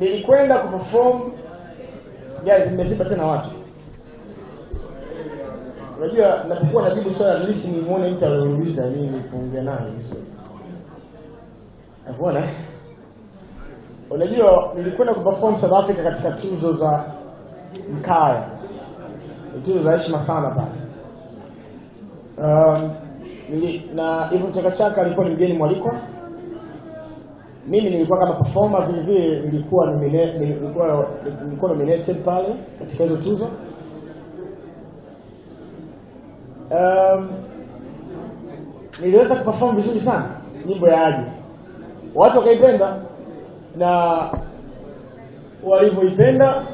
nilikwenda kuperform guys, mmeziba tena watu. Unajua, napokuwa najibu swali at least muone mtu aliuliza nini kuongea naye hizo. Unaona? Unajua, nilikwenda kuperform South Africa katika tuzo za Mkaya. Tuzo za heshima sana pale. Um, na hivyo Chakachaka alikuwa ni mgeni mwalikwa mimi nilikuwa kama performer vile vile, nilikuwa nilikuwa nilikuwa nominated pale katika hizo tuzo. Um, niliweza kuperform vizuri sana nyimbo ya Aje, watu wakaipenda, na walivyoipenda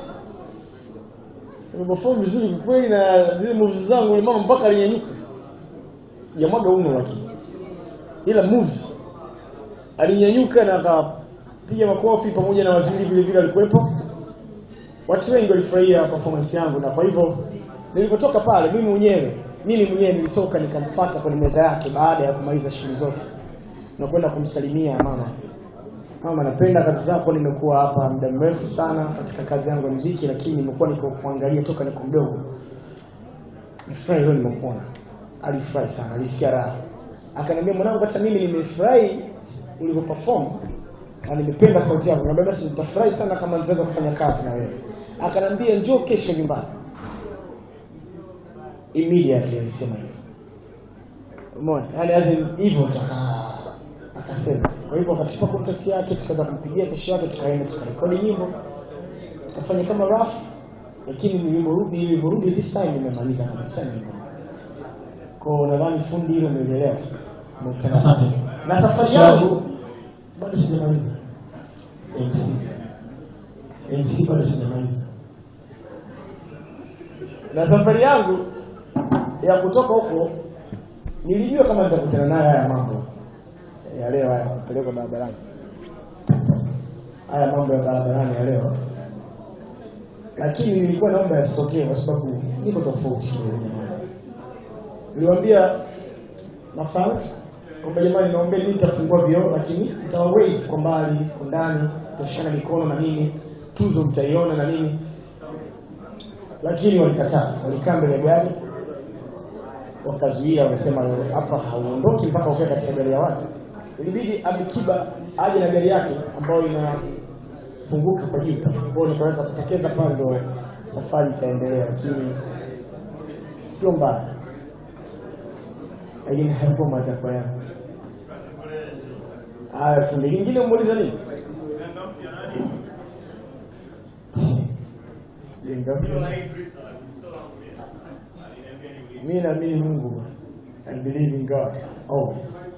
nimeperform vizuri kweli, na zile moves zangu mama mpaka alinyanyuka, sijamwaga uno, lakini ila moves alinyanyuka na akapiga makofi pamoja na waziri vile vile alikuwepo. Watu wengi walifurahia performance yangu, na kwa hivyo nilipotoka pale, mimi mwenyewe mimi mwenyewe nilitoka nikamfuata kwenye meza yake baada ya kumaliza shughuli zote na kwenda kumsalimia mama. Mama, napenda kazi zako, nimekuwa hapa muda mrefu sana katika kazi yangu ya muziki, lakini nimekuwa niko kuangalia toka niko mdogo. Nimefurahi leo nimekuona. Alifurahi sana, alisikia raha. Akaniambia mwanangu, hata mimi nimefurahi ulivyo perform na nimependa sauti yako, na baba, nitafurahi sana kama nitaweza kufanya kazi na wewe. Akanambia njoo kesho nyumbani. Immediately alisema hivyo, umeona, yani as in hivyo akasema. Kwa hivyo akatupa contact yake, tukaanza kumpigia. Kesho yake tukaenda tukarekodi nyimbo, tukafanya kama rough, lakini ni nyimbo rudi hivi rudi this time nimemaliza kabisa nyimbo. Kwa nadhani fundi hilo umeelewa. Asante. Na safari yangu bado sijamaliza MC. MC bado sijamaliza. Na safari yangu ya kutoka huko nilijua kama nitakutana naye haya mambo ya leo haya kupelekwa barabarani. Haya mambo ya barabarani ya leo. Lakini nilikuwa naomba yasitokee kwa sababu niko tofauti. Niliwaambia na kwamba jamani, naombe mimi nitafungua vioo, lakini nitawawave kwa mbali, kwa ndani, tutashikana mikono na nini, tuzo mtaiona na nini. Lakini walikataa, walikaa mbele gari, wakazuia, wamesema hapa hauondoki mpaka ukae katika gari ya wazi. Ilibidi Abikiba aje na gari yake ambayo inafunguka kwa juu, kwao nikaweza kutekeza pale, ndio safari ikaendelea, lakini sio mbaya lakini hayakuwa matakwa yangu haya fundi umuulize nini? naamini Mungu. I believe in God always.